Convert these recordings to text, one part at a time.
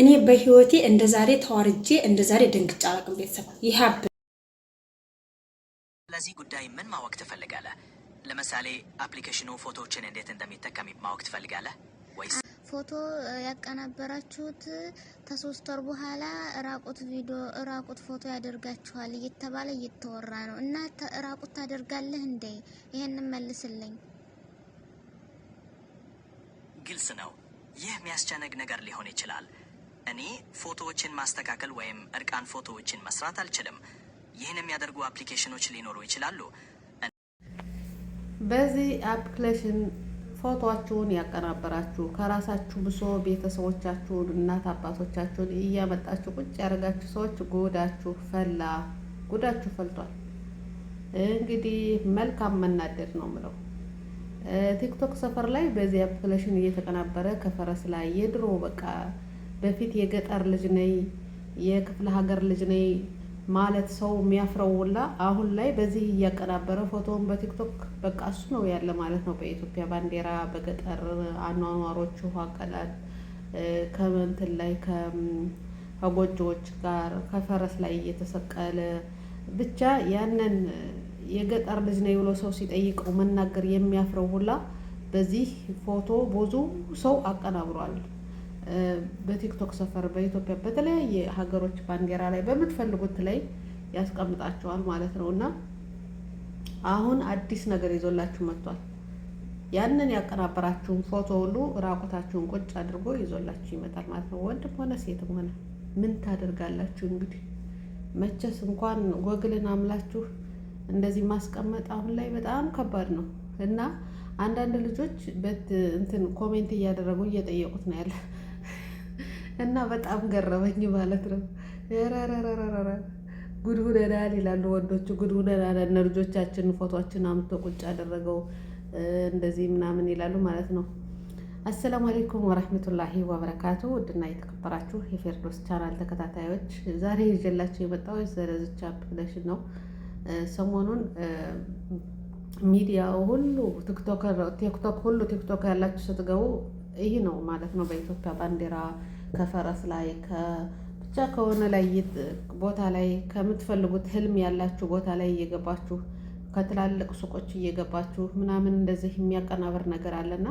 እኔ በህይወቴ እንደዛሬ ተዋርጄ እንደዛሬ ደንግጬ አላውቅም። ቤተሰብ ይህ ለዚህ ጉዳይ ምን ማወቅ ትፈልጋለህ? ለምሳሌ አፕሊኬሽኑ ፎቶዎችን እንዴት እንደሚጠቀም ማወቅ ትፈልጋለህ ወይስ ፎቶ ያቀናበራችሁት ከሶስት ወር በኋላ ራቁት ቪዲዮ ራቁት ፎቶ ያደርጋችኋል እየተባለ እየተወራ ነው እና ራቁት ታደርጋለህ እንዴ? ይህን መልስልኝ። ግልጽ ነው፣ ይህ የሚያስጨንቅ ነገር ሊሆን ይችላል። እኔ ፎቶዎችን ማስተካከል ወይም እርቃን ፎቶዎችን መስራት አልችልም። ይህን የሚያደርጉ አፕሊኬሽኖች ሊኖሩ ይችላሉ። በዚህ አፕሊኬሽን ፎቶአችሁን ያቀናበራችሁ ከራሳችሁ ብሶ ቤተሰቦቻችሁን እናት አባቶቻችሁን እያመጣችሁ ቁጭ ያደረጋችሁ ሰዎች ጉዳችሁ ፈላ፣ ጉዳችሁ ፈልቷል። እንግዲህ መልካም መናደድ ነው ምለው። ቲክቶክ ሰፈር ላይ በዚህ አፕሊኬሽን እየተቀናበረ ከፈረስ ላይ የድሮ በቃ በፊት የገጠር ልጅ ነኝ የክፍለ ሀገር ልጅ ነኝ ማለት ሰው የሚያፍረው ውላ አሁን ላይ በዚህ እያቀናበረ ፎቶውን በቲክቶክ በቃ እሱ ነው ያለ ማለት ነው። በኢትዮጵያ ባንዲራ፣ በገጠር አኗኗሮቹ አቀላል ከመንትን ላይ ከጎጆዎች ጋር ከፈረስ ላይ እየተሰቀለ ብቻ ያንን የገጠር ልጅ ነኝ ብሎ ሰው ሲጠይቀው መናገር የሚያፍረው ሁላ በዚህ ፎቶ ብዙ ሰው አቀናብሯል። በቲክቶክ ሰፈር በኢትዮጵያ በተለያየ ሀገሮች ባንዲራ ላይ በምትፈልጉት ላይ ያስቀምጣችኋል ማለት ነው። እና አሁን አዲስ ነገር ይዞላችሁ መጥቷል። ያንን ያቀናበራችሁን ፎቶ ሁሉ ራቁታችሁን ቁጭ አድርጎ ይዞላችሁ ይመጣል ማለት ነው። ወንድም ሆነ ሴትም ሆነ ምን ታደርጋላችሁ እንግዲህ መቼስ እንኳን ጎግልን አምላችሁ እንደዚህ ማስቀመጥ አሁን ላይ በጣም ከባድ ነው እና አንዳንድ ልጆች በት እንትን ኮሜንት እያደረጉ እየጠየቁት ነው ያለ እና በጣም ገረመኝ ማለት ነው። ረረረረረ ጉድ ሁነናል ይላሉ ወንዶቹ። ጉድ ሁነናል እነ ልጆቻችን ፎቶችን አምቶ ቁጭ አደረገው እንደዚህ ምናምን ይላሉ ማለት ነው። አሰላሙ አሌይኩም ወረህመቱላሂ ወበረካቱ ውድና የተከበራችሁ የፌርዶስ ቻናል ተከታታዮች ዛሬ ይዤላችሁ የመጣው ዘረዝቻ ፕሽን ነው። ሰሞኑን ሚዲያ ሁሉ ቲክቶክ ሁሉ ቲክቶክ ያላችሁ ስትገቡ ይህ ነው ማለት ነው። በኢትዮጵያ ባንዲራ ከፈረስ ላይ ብቻ ከሆነ ላይ ቦታ ላይ ከምትፈልጉት ህልም ያላችሁ ቦታ ላይ እየገባችሁ ከትላልቅ ሱቆች እየገባችሁ ምናምን እንደዚህ የሚያቀናበር ነገር አለና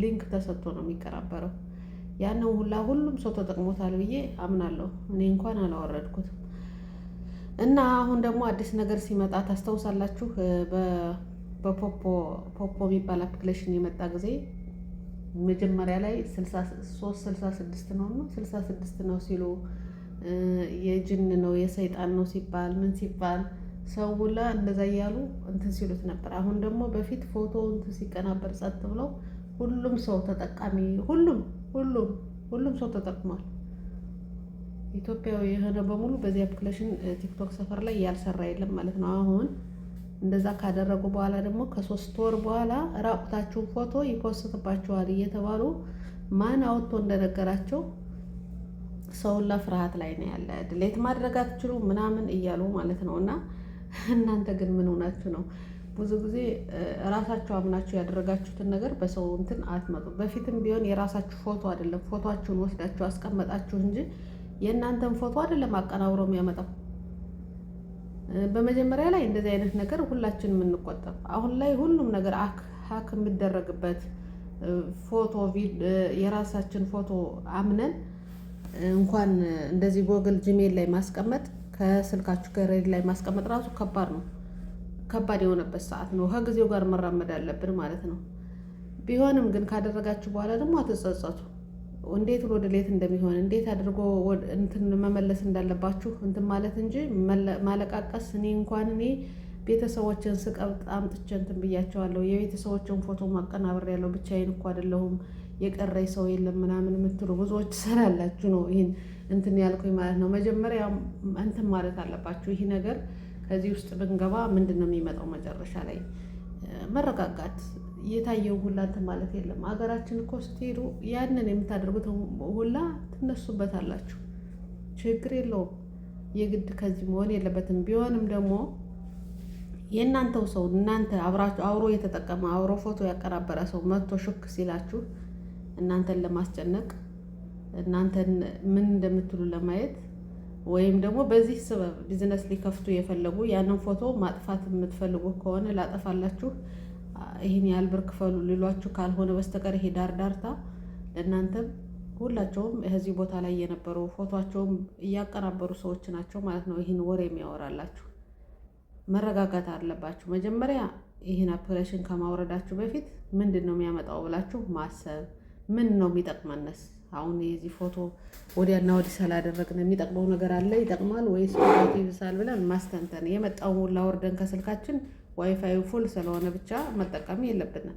ሊንክ ተሰጥቶ ነው የሚቀናበረው። ያንን ሁላ ሁሉም ሰው ተጠቅሞታል ብዬ አምናለሁ። እኔ እንኳን አላወረድኩትም። እና አሁን ደግሞ አዲስ ነገር ሲመጣ ታስታውሳላችሁ በፖፖ ፖፖ የሚባል አፕሊኬሽን የመጣ ጊዜ መጀመሪያ ላይ 63 66 ነው ነው 66 ነው ሲሉ የጅን ነው የሰይጣን ነው ሲባል ምን ሲባል ሰው እንደዛ እያሉ እንትን ሲሉት ነበር። አሁን ደግሞ በፊት ፎቶ እንትን ሲቀናበር ጸጥ ብለው ሁሉም ሰው ተጠቃሚ ሁሉም ሁሉም ሁሉም ሰው ተጠቅሟል። ኢትዮጵያዊ የሆነ በሙሉ በዚህ አፕሊኬሽን ቲክቶክ ሰፈር ላይ ያልሰራ የለም ማለት ነው አሁን እንደዛ ካደረጉ በኋላ ደግሞ ከሶስት ወር በኋላ ራቁታችሁን ፎቶ ይፖስትባችኋል እየተባሉ ማን አውጥቶ እንደነገራቸው ሰውላ ፍርሃት ላይ ነው ያለ። ድሌት ማድረግ አትችሉ ምናምን እያሉ ማለት ነው። እና እናንተ ግን ምን ሆናችሁ ነው? ብዙ ጊዜ ራሳችሁ አምናችሁ ያደረጋችሁትን ነገር በሰው እንትን አትመጡ። በፊትም ቢሆን የራሳችሁ ፎቶ አይደለም ፎቶችሁን ወስዳችሁ አስቀመጣችሁ እንጂ የእናንተን ፎቶ አይደለም አቀናብሮ የሚያመጣው በመጀመሪያ ላይ እንደዚህ አይነት ነገር ሁላችን የምንቆጠብ አሁን ላይ ሁሉም ነገር ሀክ የሚደረግበት ፎቶ የራሳችን ፎቶ አምነን እንኳን እንደዚህ ጎግል ጂሜል ላይ ማስቀመጥ ከስልካችሁ ገረድ ላይ ማስቀመጥ ራሱ ከባድ ነው። ከባድ የሆነበት ሰዓት ነው። ከጊዜው ጋር መራመድ አለብን ማለት ነው። ቢሆንም ግን ካደረጋችሁ በኋላ ደግሞ አትጸጸቱ። እንዴት ወደ ሌት እንደሚሆን እንዴት አድርጎ እንትን መመለስ እንዳለባችሁ እንትን ማለት እንጂ ማለቃቀስ። እኔ እንኳን እኔ ቤተሰቦችን ስቀብጥ አምጥቼ እንትን ብያቸዋለሁ። የቤተሰቦችን ፎቶ ማቀናበር ያለው ብቻዬን እኮ አይደለሁም የቀረኝ ሰው የለም ምናምን የምትሉ ብዙዎች ስላላችሁ ነው ይህን እንትን ያልኩኝ ማለት ነው። መጀመሪያ እንትን ማለት አለባችሁ። ይህ ነገር ከዚህ ውስጥ ብንገባ ምንድን ነው የሚመጣው መጨረሻ ላይ መረጋጋት የታየው ሁላ እንትን ማለት የለም። ሀገራችን እኮ ስትሄዱ ያንን የምታደርጉት ሁላ ትነሱበታላችሁ። ችግር የለውም። የግድ ከዚህ መሆን የለበትም። ቢሆንም ደግሞ የእናንተው ሰው እናንተ አብራችሁ አብሮ የተጠቀመ አብሮ ፎቶ ያቀናበረ ሰው መጥቶ ሹክ ሲላችሁ እናንተን ለማስጨነቅ እናንተን ምን እንደምትሉ ለማየት ወይም ደግሞ በዚህ ስበብ ቢዝነስ ሊከፍቱ የፈለጉ ያንን ፎቶ ማጥፋት የምትፈልጉ ከሆነ ላጠፋላችሁ ይህን ያህል ብር ክፈሉ ሊሏችሁ ካልሆነ በስተቀር ይሄ ዳርዳርታ ለእናንተም ሁላቸውም እዚህ ቦታ ላይ የነበሩ ፎቶቸውም እያቀናበሩ ሰዎች ናቸው ማለት ነው። ይህን ወሬ የሚያወራላችሁ መረጋጋት አለባችሁ። መጀመሪያ ይህን አፕሬሽን ከማውረዳችሁ በፊት ምንድን ነው የሚያመጣው ብላችሁ ማሰብ፣ ምን ነው የሚጠቅመነስ? አሁን የዚህ ፎቶ ወዲያና ወዲህ ስላደረግን የሚጠቅመው ነገር አለ ይጠቅማል ወይስ ይብሳል ብለን ማስተንተን የመጣው ሁላ ወርደን ከስልካችን ዋይፋዩ ፉል ስለሆነ ብቻ መጠቀም የለብንም።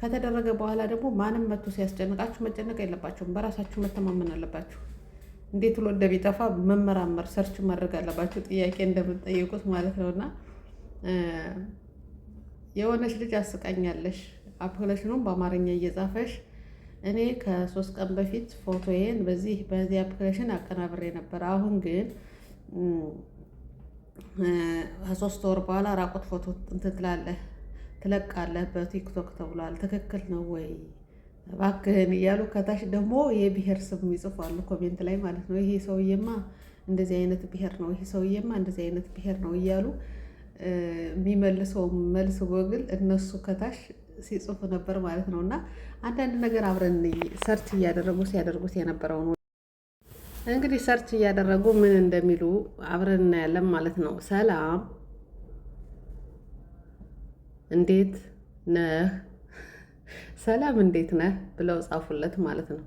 ከተደረገ በኋላ ደግሞ ማንም መቶ ሲያስጨንቃችሁ መጨነቅ የለባችሁም። በራሳችሁ መተማመን አለባችሁ። እንዴት ሎ እንደሚጠፋ መመራመር፣ ሰርች ማድረግ አለባችሁ። ጥያቄ እንደምትጠይቁት ማለት ነው። እና የሆነች ልጅ አስቃኛለሽ፣ አፕሊኬሽኑን በአማርኛ እየጻፈሽ እኔ ከሶስት ቀን በፊት ፎቶዬን በዚህ በዚህ አፕሊኬሽን አቀናብሬ ነበር። አሁን ግን ከሶስት ወር በኋላ ራቁት ፎቶ እንትን ትላለህ ትለቃለህ በቲክቶክ ተብሏል። ትክክል ነው ወይ እባክህን እያሉ ከታች ደግሞ የብሔር ስም አሉ ኮሜንት ላይ ማለት ነው። ይሄ ሰውዬማ እንደዚህ አይነት ብሄር ነው፣ ይሄ ሰውዬማ እንደዚህ አይነት ብሄር ነው እያሉ የሚመልሰው መልስ ጎግል እነሱ ከታች ሲጽፉ ነበር ማለት ነው። እና አንዳንድ ነገር አብረን ሰርች እያደረጉ ሲያደርጉት የነበረው ነው። እንግዲህ ሰርች እያደረጉ ምን እንደሚሉ አብረን እናያለን ማለት ነው። ሰላም እንዴት ነህ፣ ሰላም እንዴት ነህ ብለው ጻፉለት ማለት ነው።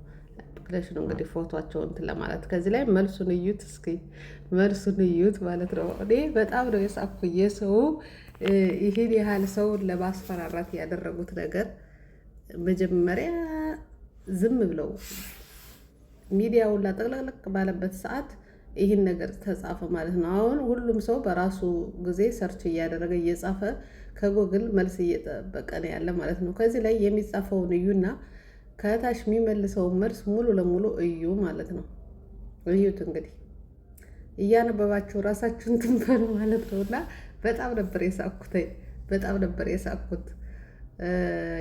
ብለሽ ነው እንግዲህ ፎቶቸውን እንትን ለማለት ከዚህ ላይ መልሱን እዩት እስኪ መልሱን እዩት ማለት ነው። እኔ በጣም ነው የጻፍኩ የሰው ይህን ያህል ሰውን ለማስፈራራት ያደረጉት ነገር መጀመሪያ ዝም ብለው ሚዲያ ሁላ ጥቅልቅልቅ ባለበት ሰዓት ይህን ነገር ተጻፈ ማለት ነው። አሁን ሁሉም ሰው በራሱ ጊዜ ሰርች እያደረገ እየጻፈ ከጎግል መልስ እየጠበቀ ነው ያለ ማለት ነው። ከዚህ ላይ የሚጻፈውን እዩና ከታች የሚመልሰውን መልስ ሙሉ ለሙሉ እዩ ማለት ነው። እዩት እንግዲህ እያነበባችሁ ራሳችሁን ትንበሉ ማለት ነው። እና በጣም ነበር የሳኩት፣ በጣም ነበር የሳኩት።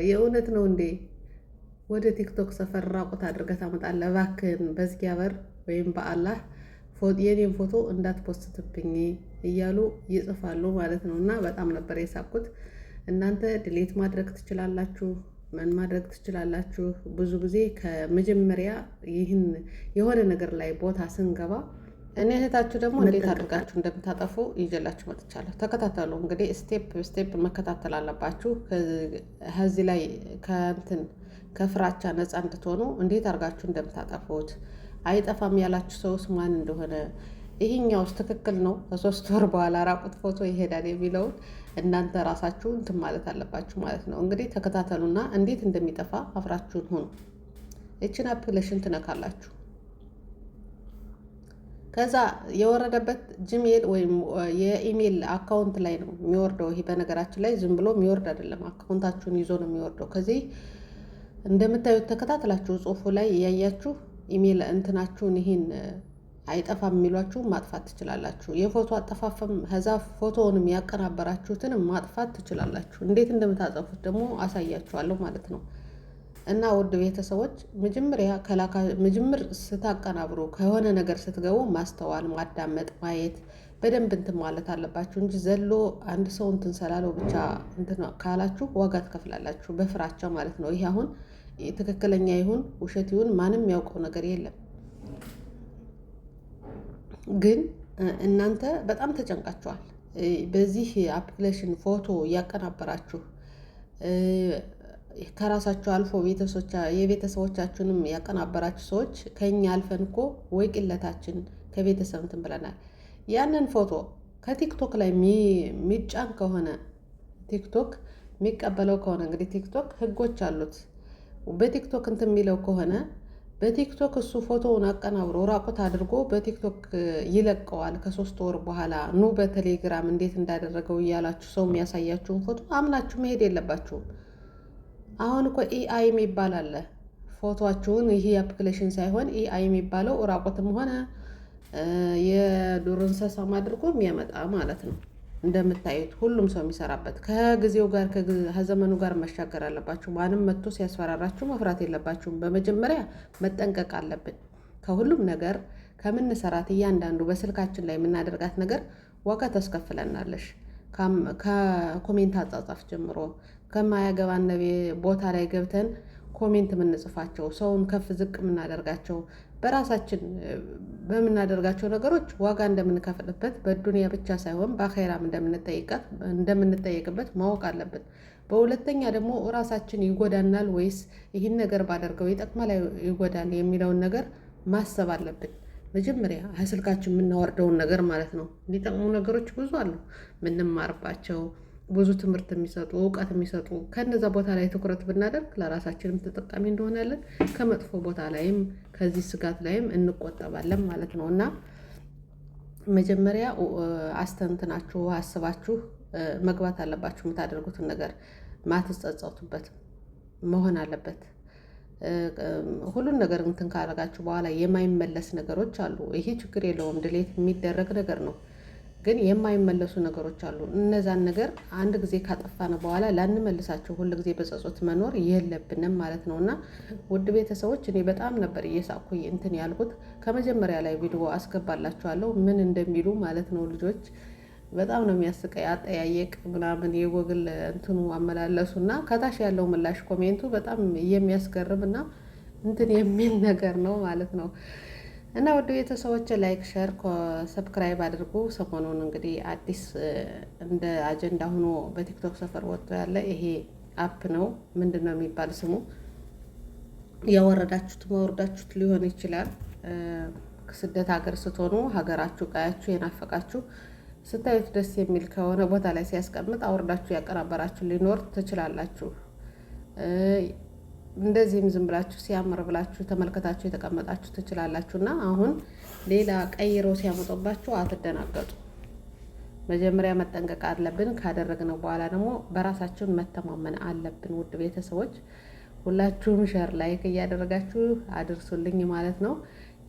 የእውነት ነው እንዴ? ወደ ቲክቶክ ሰፈር ራቁት አድርገህ ታመጣለህ። እባክህን በእግዚአብሔር ወይም በአላህ የኔን ፎቶ እንዳትፖስትብኝ እያሉ ይጽፋሉ ማለት ነው። እና በጣም ነበር የሳቅኩት። እናንተ ድሌት ማድረግ ትችላላችሁ፣ ምን ማድረግ ትችላላችሁ። ብዙ ጊዜ ከመጀመሪያ ይህን የሆነ ነገር ላይ ቦታ ስንገባ እኔ እህታችሁ ደግሞ እንዴት አድርጋችሁ እንደምታጠፉ ይዤላችሁ መጥቻለሁ። ተከታተሉ እንግዲህ ስቴፕ ስቴፕ መከታተል አለባችሁ ከዚህ ላይ ከእንትን ከፍራቻ ነፃ እንድትሆኑ እንዴት አድርጋችሁ እንደምታጠፉት አይጠፋም ያላችሁ ሰውስ ማን እንደሆነ ይህኛውስ ትክክል ነው፣ ከሶስት ወር በኋላ ራቁት ፎቶ ይሄዳል የሚለውን እናንተ ራሳችሁ እንትን ማለት አለባችሁ ማለት ነው። እንግዲህ ተከታተሉና እንዴት እንደሚጠፋ አፍራችሁን ሁኑ። ይችን አፕሊኬሽን ትነካላችሁ። ከዛ የወረደበት ጂሜል ወይም የኢሜል አካውንት ላይ ነው የሚወርደው። ይሄ በነገራችን ላይ ዝም ብሎ የሚወርድ አይደለም፣ አካውንታችሁን ይዞ ነው የሚወርደው ከዚህ እንደምታዩት ተከታትላችሁ ጽሁፉ ላይ እያያችሁ ኢሜል እንትናችሁን ይህን አይጠፋም የሚሏችሁ ማጥፋት ትችላላችሁ። የፎቶ አጠፋፈም ከዛ ፎቶውንም ያቀናበራችሁትን ማጥፋት ትችላላችሁ። እንዴት እንደምታጠፉት ደግሞ አሳያችኋለሁ ማለት ነው። እና ውድ ቤተሰቦች መጀመሪያ ከላካ መጀመር ስታቀናብሩ ከሆነ ነገር ስትገቡ ማስተዋል፣ ማዳመጥ፣ ማየት በደንብ እንትን ማለት አለባችሁ እንጂ ዘሎ አንድ ሰው እንትን ሰላለው ብቻ እንትን ካላችሁ ዋጋ ትከፍላላችሁ፣ በፍራቻ ማለት ነው። ይሄ አሁን ትክክለኛ ይሁን ውሸት ይሁን ማንም ያውቀው ነገር የለም። ግን እናንተ በጣም ተጨንቃችኋል። በዚህ አፕሊኬሽን ፎቶ እያቀናበራችሁ ከራሳችሁ አልፎ የቤተሰቦቻችሁንም ያቀናበራችሁ ሰዎች ከኛ አልፈን እኮ ወይ ቅለታችን ከቤተሰብ እንትን ብለናል። ያንን ፎቶ ከቲክቶክ ላይ የሚጫን ከሆነ ቲክቶክ የሚቀበለው ከሆነ እንግዲህ ቲክቶክ ህጎች አሉት። በቲክቶክ እንትን የሚለው ከሆነ በቲክቶክ እሱ ፎቶውን አቀናብሮ ራቁት አድርጎ በቲክቶክ ይለቀዋል። ከሶስት ወር በኋላ ኑ በቴሌግራም እንዴት እንዳደረገው እያላችሁ ሰው የሚያሳያችሁን ፎቶ አምናችሁ መሄድ የለባችሁም። አሁን እኮ ኢአይ የሚባል አለ። ፎቶችሁን ይሄ አፕሊኬሽን ሳይሆን ኢአይ የሚባለው ራቁትም ሆነ የዱር እንስሳ አድርጎ የሚያመጣ ማለት ነው። እንደምታዩት ሁሉም ሰው የሚሰራበት ከጊዜው ጋር ከዘመኑ ጋር መሻገር አለባችሁ። ማንም መጥቶ ሲያስፈራራችሁ መፍራት የለባችሁም። በመጀመሪያ መጠንቀቅ አለብን ከሁሉም ነገር ከምንሰራት እያንዳንዱ በስልካችን ላይ የምናደርጋት ነገር ዋጋ ታስከፍለናለሽ። ከኮሜንት አጻጻፍ ጀምሮ ከማያገባን ቦታ ላይ ገብተን ኮሜንት የምንጽፋቸው ሰውን ከፍ ዝቅ የምናደርጋቸው በራሳችን በምናደርጋቸው ነገሮች ዋጋ እንደምንከፍልበት በዱንያ ብቻ ሳይሆን በአኼራም እንደምንጠየቅበት ማወቅ አለብን። በሁለተኛ ደግሞ ራሳችን ይጎዳናል ወይስ ይህን ነገር ባደርገው ይጠቅማል ይጎዳል የሚለውን ነገር ማሰብ አለብን። መጀመሪያ ስልካችን የምናወርደውን ነገር ማለት ነው። የሚጠቅሙ ነገሮች ብዙ አሉ የምንማርባቸው ብዙ ትምህርት የሚሰጡ እውቀት የሚሰጡ ከነዛ ቦታ ላይ ትኩረት ብናደርግ ለራሳችንም ተጠቃሚ እንደሆናለን፣ ከመጥፎ ቦታ ላይም ከዚህ ስጋት ላይም እንቆጠባለን ማለት ነው እና መጀመሪያ አስተንትናችሁ አስባችሁ መግባት አለባችሁ። የምታደርጉትን ነገር ማትጸጸቱበት መሆን አለበት። ሁሉን ነገር እንትን ካረጋችሁ በኋላ የማይመለስ ነገሮች አሉ። ይሄ ችግር የለውም ድሌት የሚደረግ ነገር ነው። ግን የማይመለሱ ነገሮች አሉ። እነዛን ነገር አንድ ጊዜ ካጠፋን በኋላ ላንመልሳቸው ሁል ጊዜ በጸጾት መኖር የለብንም ማለት ነው። እና ውድ ቤተሰቦች እኔ በጣም ነበር እየሳኩኝ እንትን ያልኩት ከመጀመሪያ ላይ ቪዲዮ አስገባላችኋለሁ ምን እንደሚሉ ማለት ነው። ልጆች በጣም ነው የሚያስቀይ አጠያየቅ ምናምን የጎግል እንትኑ አመላለሱ እና ከታች ያለው ምላሽ ኮሜንቱ በጣም የሚያስገርም እና እንትን የሚል ነገር ነው ማለት ነው። እና ውድ ቤተሰቦች ላይክ፣ ሸር፣ ሰብስክራይብ አድርጉ። ሰሞኑን እንግዲህ አዲስ እንደ አጀንዳ ሆኖ በቲክቶክ ሰፈር ወጥቶ ያለ ይሄ አፕ ነው። ምንድን ነው የሚባል ስሙ? ያወረዳችሁት ማወርዳችሁት ሊሆን ይችላል። ስደት ሀገር ስትሆኑ ሀገራችሁ፣ ቀያችሁ የናፈቃችሁ ስታዩት ደስ የሚል ከሆነ ቦታ ላይ ሲያስቀምጥ አውርዳችሁ ያቀናበራችሁ ሊኖር ትችላላችሁ። እንደዚህም ዝም ብላችሁ ሲያምር ብላችሁ ተመልከታችሁ የተቀመጣችሁ ትችላላችሁ እና አሁን ሌላ ቀይረው ሲያመጡባችሁ አትደናገጡ። መጀመሪያ መጠንቀቅ አለብን። ካደረግነው በኋላ ደግሞ በራሳችን መተማመን አለብን። ውድ ቤተሰቦች ሁላችሁም ሸር ላይክ እያደረጋችሁ አድርሱልኝ ማለት ነው።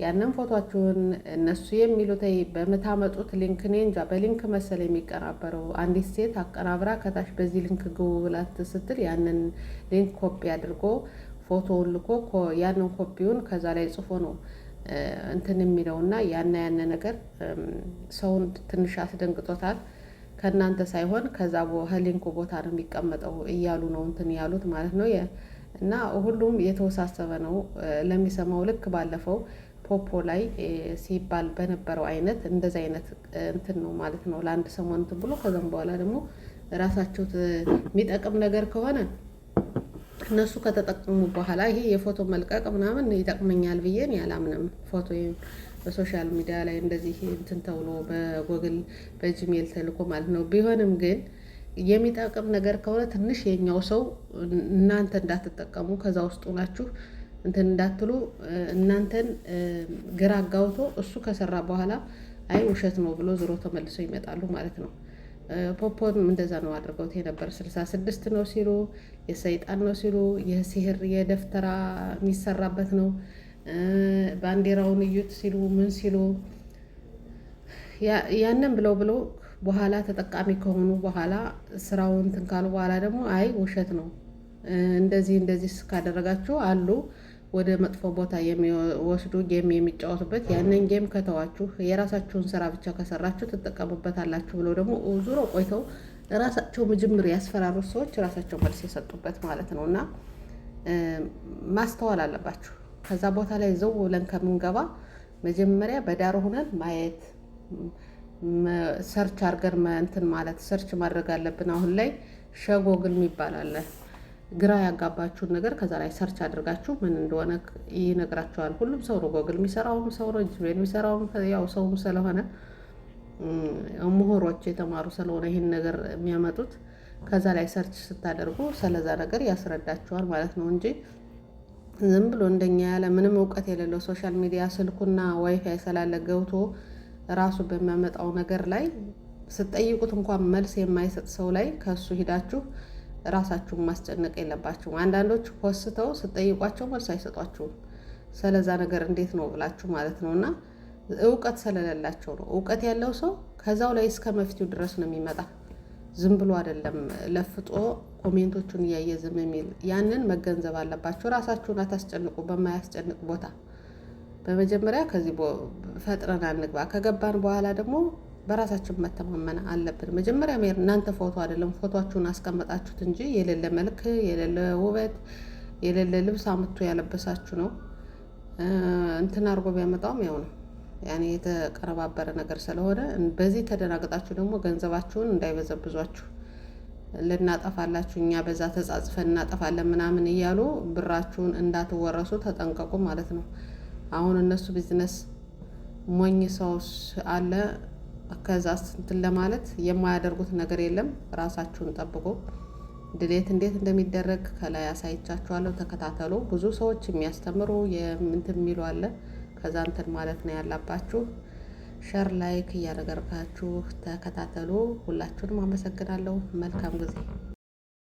ያንን ፎቶችሁን እነሱ የሚሉት በምታመጡት ሊንክ እኔ እንጃ በሊንክ መሰል የሚቀናበረው አንዲት ሴት አቀናብራ ከታች በዚህ ሊንክ ግቡ ብላት ስትል ያንን ሊንክ ኮፒ አድርጎ ፎቶውን ልኮ ያንን ኮፒውን ከዛ ላይ ጽፎ ነው እንትን የሚለው እና ያና ያነ ነገር ሰውን ትንሽ አስደንግጦታል። ከእናንተ ሳይሆን ከዛ ሊንኩ ቦታ ነው የሚቀመጠው እያሉ ነው እንትን ያሉት ማለት ነው። እና ሁሉም የተወሳሰበ ነው ለሚሰማው ልክ ባለፈው ፖፖ ላይ ሲባል በነበረው አይነት እንደዚ አይነት እንትን ነው ማለት ነው። ለአንድ ሰሞን እንትን ብሎ ከዛም በኋላ ደግሞ ራሳቸው የሚጠቅም ነገር ከሆነ እነሱ ከተጠቀሙ በኋላ ይሄ የፎቶ መልቀቅ ምናምን ይጠቅመኛል ብዬን ያላምንም ፎቶ በሶሻል ሚዲያ ላይ እንደዚህ እንትን ተብሎ በጎግል በጂሜል ተልኮ ማለት ነው። ቢሆንም ግን የሚጠቅም ነገር ከሆነ ትንሽ የኛው ሰው እናንተ እንዳትጠቀሙ ከዛ ውስጡ ናችሁ እንትን እንዳትሉ እናንተን ግራ አጋውቶ እሱ ከሰራ በኋላ አይ ውሸት ነው ብሎ ዞሮ ተመልሰው ይመጣሉ ማለት ነው። ፖፖም እንደዛ ነው አድርገውት የነበር ስልሳ ስድስት ነው ሲሉ የሰይጣን ነው ሲሉ የሲህር የደፍተራ የሚሰራበት ነው ባንዲራውን እዩት ሲሉ ምን ሲሉ ያንን ብለው ብለው በኋላ ተጠቃሚ ከሆኑ በኋላ ስራውን እንትን ካሉ በኋላ ደግሞ አይ ውሸት ነው እንደዚህ እንደዚህ ካደረጋችሁ አሉ ወደ መጥፎ ቦታ የሚወስዱ ጌም የሚጫወቱበት ያንን ጌም ከተዋችሁ የራሳችሁን ስራ ብቻ ከሰራችሁ ትጠቀሙበታላችሁ ብለው ደግሞ ዙሮ ቆይተው ራሳቸው ምጅምር ያስፈራሩት ሰዎች ራሳቸው መልስ የሰጡበት ማለት ነው። እና ማስተዋል አለባችሁ። ከዛ ቦታ ላይ ዘው ብለን ከምንገባ መጀመሪያ በዳር ሆነን ማየት ሰርች አድርገን እንትን ማለት ሰርች ማድረግ አለብን። አሁን ላይ ሸጎግል የሚባል አለ። ግራ ያጋባችሁን ነገር ከዛ ላይ ሰርች አድርጋችሁ ምን እንደሆነ ይነግራችኋል። ሁሉም ሰው ነው ጎግል የሚሰራውም ሰው ነው ጂሜል የሚሰራውም ያው ሰውም ስለሆነ ምሁሮች የተማሩ ስለሆነ ይህን ነገር የሚያመጡት ከዛ ላይ ሰርች ስታደርጉ ስለዛ ነገር ያስረዳችኋል ማለት ነው እንጂ ዝም ብሎ እንደኛ ያለ ምንም እውቀት የሌለው ሶሻል ሚዲያ ስልኩና ዋይፋይ ስላለ ገብቶ ራሱ በሚያመጣው ነገር ላይ ስትጠይቁት እንኳን መልስ የማይሰጥ ሰው ላይ ከሱ ሂዳችሁ ራሳችሁን ማስጨነቅ የለባችሁም። አንዳንዶች ኮስተው ስጠይቋቸው መልስ አይሰጧችሁም። ስለዛ ነገር እንዴት ነው ብላችሁ ማለት ነው እና እውቀት ስለሌላቸው ነው። እውቀት ያለው ሰው ከዛው ላይ እስከ መፍትሄው ድረስ ነው የሚመጣ። ዝም ብሎ አይደለም ለፍጦ ኮሜንቶቹን እያየ ዝም የሚል። ያንን መገንዘብ አለባችሁ። ራሳችሁን አታስጨንቁ በማያስጨንቅ ቦታ። በመጀመሪያ ከዚህ ፈጥረን አንግባ። ከገባን በኋላ ደግሞ በራሳችን መተማመን አለብን። መጀመሪያ ሜር እናንተ ፎቶ አይደለም ፎቶችሁን አስቀመጣችሁት እንጂ የሌለ መልክ፣ የሌለ ውበት፣ የሌለ ልብስ አምቶ ያለበሳችሁ ነው። እንትን አድርጎ ቢያመጣውም ያው ነው ያኔ የተቀነባበረ ነገር ስለሆነ በዚህ ተደናግጣችሁ ደግሞ ገንዘባችሁን እንዳይበዘብዟችሁ ልናጠፋላችሁ እኛ በዛ ተጻጽፈን እናጠፋለን ምናምን እያሉ ብራችሁን እንዳትወረሱ ተጠንቀቁ ማለት ነው። አሁን እነሱ ቢዝነስ ሞኝ ሰውስ አለ ከዛ እንትን ለማለት የማያደርጉት ነገር የለም። ራሳችሁን ጠብቁ። ድሌት እንዴት እንደሚደረግ ከላይ አሳይቻችኋለሁ። ተከታተሉ። ብዙ ሰዎች የሚያስተምሩ የምንትን የሚሉ አለ። ከዛ እንትን ማለት ነው ያላባችሁ። ሸር ላይክ እያደረጋችሁ ተከታተሉ። ሁላችሁንም አመሰግናለሁ። መልካም ጊዜ